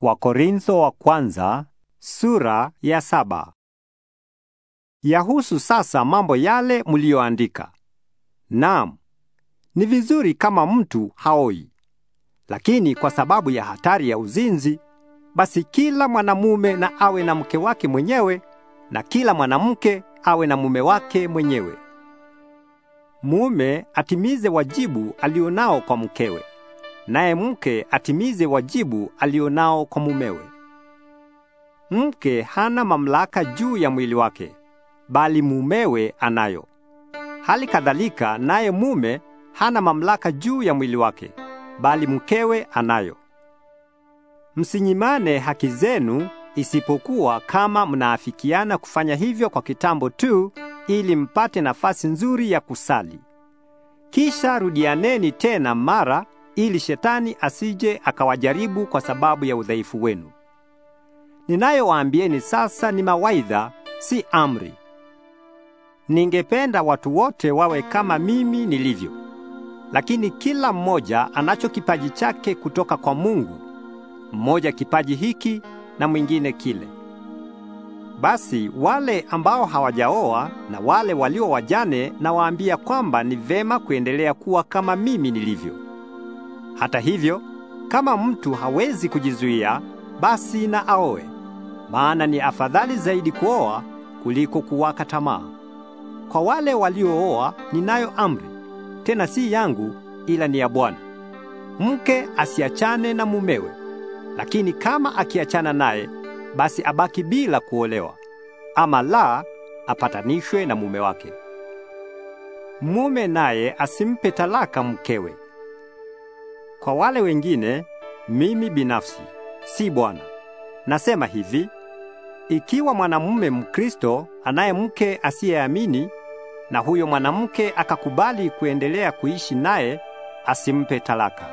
Wakorintho wa kwanza sura ya saba. Yahusu sasa mambo yale mliyoandika. Naam, ni vizuri kama mtu haoi, lakini kwa sababu ya hatari ya uzinzi, basi kila mwanamume na awe na mke wake mwenyewe na kila mwanamke awe na mume wake mwenyewe. Mume atimize wajibu alionao kwa mkewe naye mke atimize wajibu alionao kwa mumewe. Mke hana mamlaka juu ya mwili wake, bali mumewe anayo. Hali kadhalika, naye mume hana mamlaka juu ya mwili wake, bali mkewe anayo. Msinyimane haki zenu, isipokuwa kama mnaafikiana kufanya hivyo kwa kitambo tu, ili mpate nafasi nzuri ya kusali. Kisha rudianeni tena mara ili shetani asije akawajaribu kwa sababu ya udhaifu wenu. Ninayowaambieni sasa ni mawaidha, si amri. Ningependa watu wote wawe kama mimi nilivyo, lakini kila mmoja anacho kipaji chake kutoka kwa Mungu, mmoja kipaji hiki na mwingine kile. Basi wale ambao hawajaoa na wale walio wajane, nawaambia kwamba ni vema kuendelea kuwa kama mimi nilivyo. Hata hivyo, kama mtu hawezi kujizuia, basi na aoe, maana ni afadhali zaidi kuoa kuliko kuwaka tamaa. Kwa wale waliooa ninayo amri, tena si yangu, ila ni ya Bwana: mke asiachane na mumewe, lakini kama akiachana naye, basi abaki bila kuolewa, ama la, apatanishwe na mume wake. Mume naye asimpe talaka mkewe kwa wale wengine, mimi binafsi, si Bwana. Nasema hivi, ikiwa mwanamume Mkristo anaye mke asiyeamini na huyo mwanamke akakubali kuendelea kuishi naye, asimpe talaka.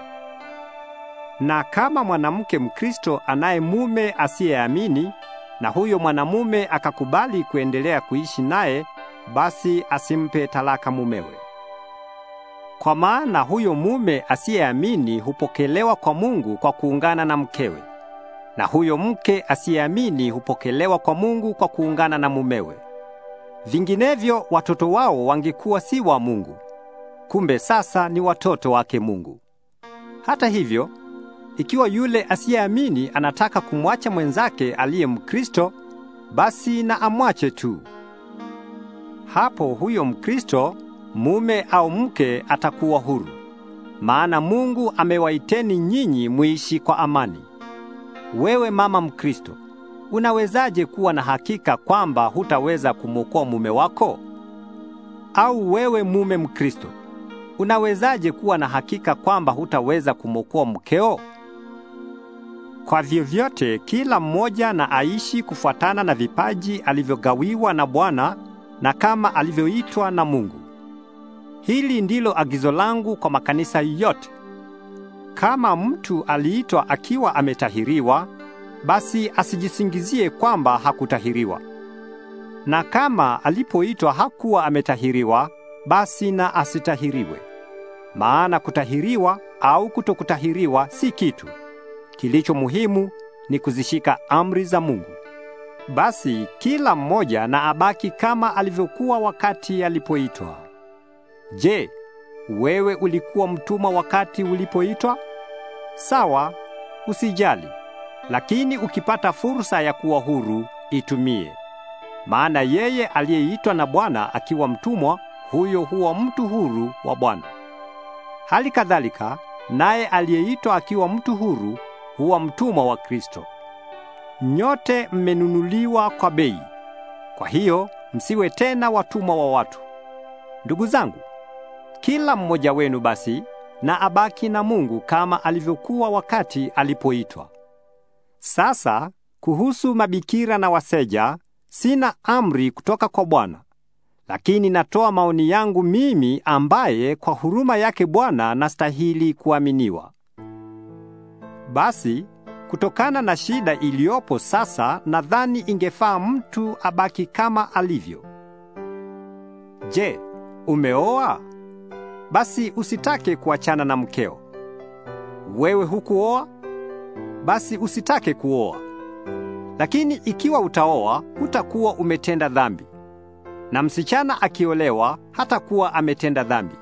Na kama mwanamke Mkristo anaye mume asiyeamini na huyo mwanamume akakubali kuendelea kuishi naye, basi asimpe talaka mumewe. Kwa maana huyo mume asiyeamini hupokelewa kwa Mungu kwa kuungana na mkewe, na huyo mke asiyeamini hupokelewa kwa Mungu kwa kuungana na mumewe. Vinginevyo watoto wao wangekuwa si wa Mungu, kumbe sasa ni watoto wake Mungu. Hata hivyo, ikiwa yule asiyeamini anataka kumwacha mwenzake aliye Mkristo, basi na amwache tu. Hapo huyo Mkristo mume au mke atakuwa huru, maana Mungu amewaiteni nyinyi muishi kwa amani. Wewe mama Mkristo, unawezaje kuwa na hakika kwamba hutaweza kumwokoa mume wako? Au wewe mume Mkristo, unawezaje kuwa na hakika kwamba hutaweza kumwokoa mkeo? Kwa vyovyote, kila mmoja na aishi kufuatana na vipaji alivyogawiwa na Bwana na kama alivyoitwa na Mungu. Hili ndilo agizo langu kwa makanisa yote. Kama mtu aliitwa akiwa ametahiriwa, basi asijisingizie kwamba hakutahiriwa. Na kama alipoitwa hakuwa ametahiriwa, basi na asitahiriwe. Maana kutahiriwa au kutokutahiriwa si kitu. Kilicho muhimu ni kuzishika amri za Mungu. Basi kila mmoja na abaki kama alivyokuwa wakati alipoitwa. Je, wewe ulikuwa mtumwa wakati ulipoitwa? Sawa, usijali. Lakini ukipata fursa ya kuwa huru, itumie. Maana yeye aliyeitwa na Bwana akiwa mtumwa, huyo huwa mtu huru wa Bwana. Hali kadhalika, naye aliyeitwa akiwa mtu huru huwa mtumwa wa Kristo. Nyote mmenunuliwa kwa bei. Kwa hiyo msiwe tena watumwa wa watu. Ndugu zangu, kila mmoja wenu basi na abaki na Mungu kama alivyokuwa wakati alipoitwa. Sasa kuhusu mabikira na waseja, sina amri kutoka kwa Bwana, lakini natoa maoni yangu mimi ambaye kwa huruma yake Bwana nastahili kuaminiwa. Basi kutokana na shida iliyopo sasa, nadhani ingefaa mtu abaki kama alivyo. Je, umeoa? basi usitake kuachana na mkeo. Wewe hukuoa, basi usitake kuoa. Lakini ikiwa utaoa, hutakuwa umetenda dhambi, na msichana akiolewa hatakuwa ametenda dhambi.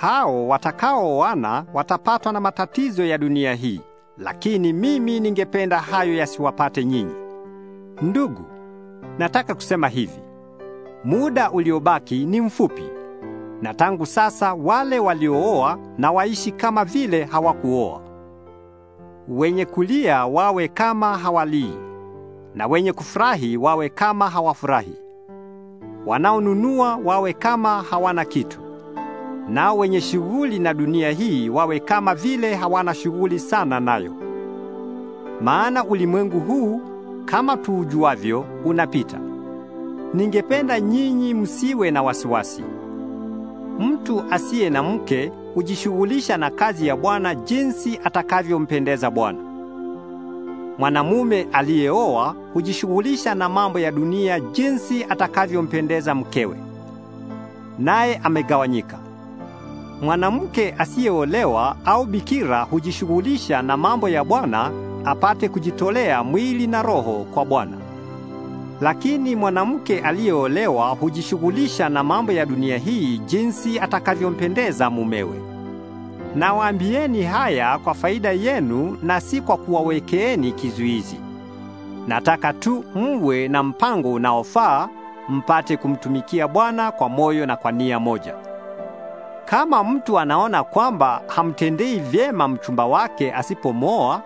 Hao watakaooana watapatwa na matatizo ya dunia hii, lakini mimi ningependa hayo yasiwapate nyinyi. Ndugu, nataka kusema hivi: muda uliobaki ni mfupi. Na tangu sasa wale waliooa na waishi kama vile hawakuoa. Wenye kulia wawe kama hawalii, na wenye kufurahi wawe kama hawafurahi. Wanaonunua wawe kama hawana kitu, nao wenye shughuli na dunia hii wawe kama vile hawana shughuli sana nayo. Maana ulimwengu huu kama tuujuavyo unapita. Ningependa nyinyi msiwe na wasiwasi. Mtu asiye na mke hujishughulisha na kazi ya Bwana jinsi atakavyompendeza Bwana. Mwanamume aliyeoa hujishughulisha na mambo ya dunia jinsi atakavyompendeza mkewe. Naye amegawanyika. Mwanamke asiyeolewa au bikira hujishughulisha na mambo ya Bwana apate kujitolea mwili na roho kwa Bwana. Lakini mwanamke aliyeolewa hujishughulisha na mambo ya dunia hii jinsi atakavyompendeza mumewe. Nawaambieni haya kwa faida yenu na si kwa kuwawekeeni kizuizi. Nataka tu mwe na mpango unaofaa mpate kumtumikia Bwana kwa moyo na kwa nia moja. Kama mtu anaona kwamba hamtendei vyema mchumba wake asipomoa,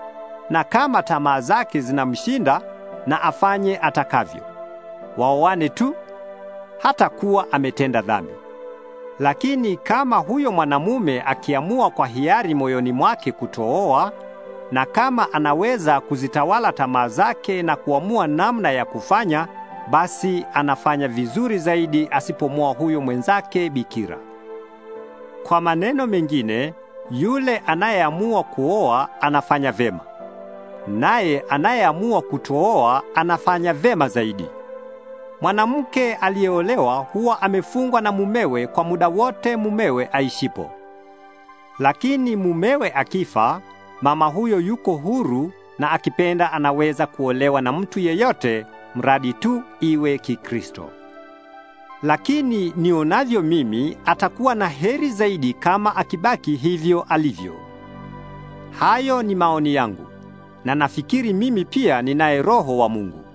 na kama tamaa zake zinamshinda, na afanye atakavyo waoane tu, hata kuwa ametenda dhambi. Lakini kama huyo mwanamume akiamua kwa hiari moyoni mwake kutooa, na kama anaweza kuzitawala tamaa zake na kuamua namna ya kufanya, basi anafanya vizuri zaidi asipomoa huyo mwenzake bikira. Kwa maneno mengine, yule anayeamua kuoa anafanya vema, naye anayeamua kutooa anafanya vema zaidi. Mwanamke aliyeolewa huwa amefungwa na mumewe kwa muda wote mumewe aishipo. Lakini mumewe akifa, mama huyo yuko huru na akipenda anaweza kuolewa na mtu yeyote mradi tu iwe Kikristo. Lakini nionavyo mimi, atakuwa na heri zaidi kama akibaki hivyo alivyo. Hayo ni maoni yangu na nafikiri mimi pia ninaye Roho wa Mungu.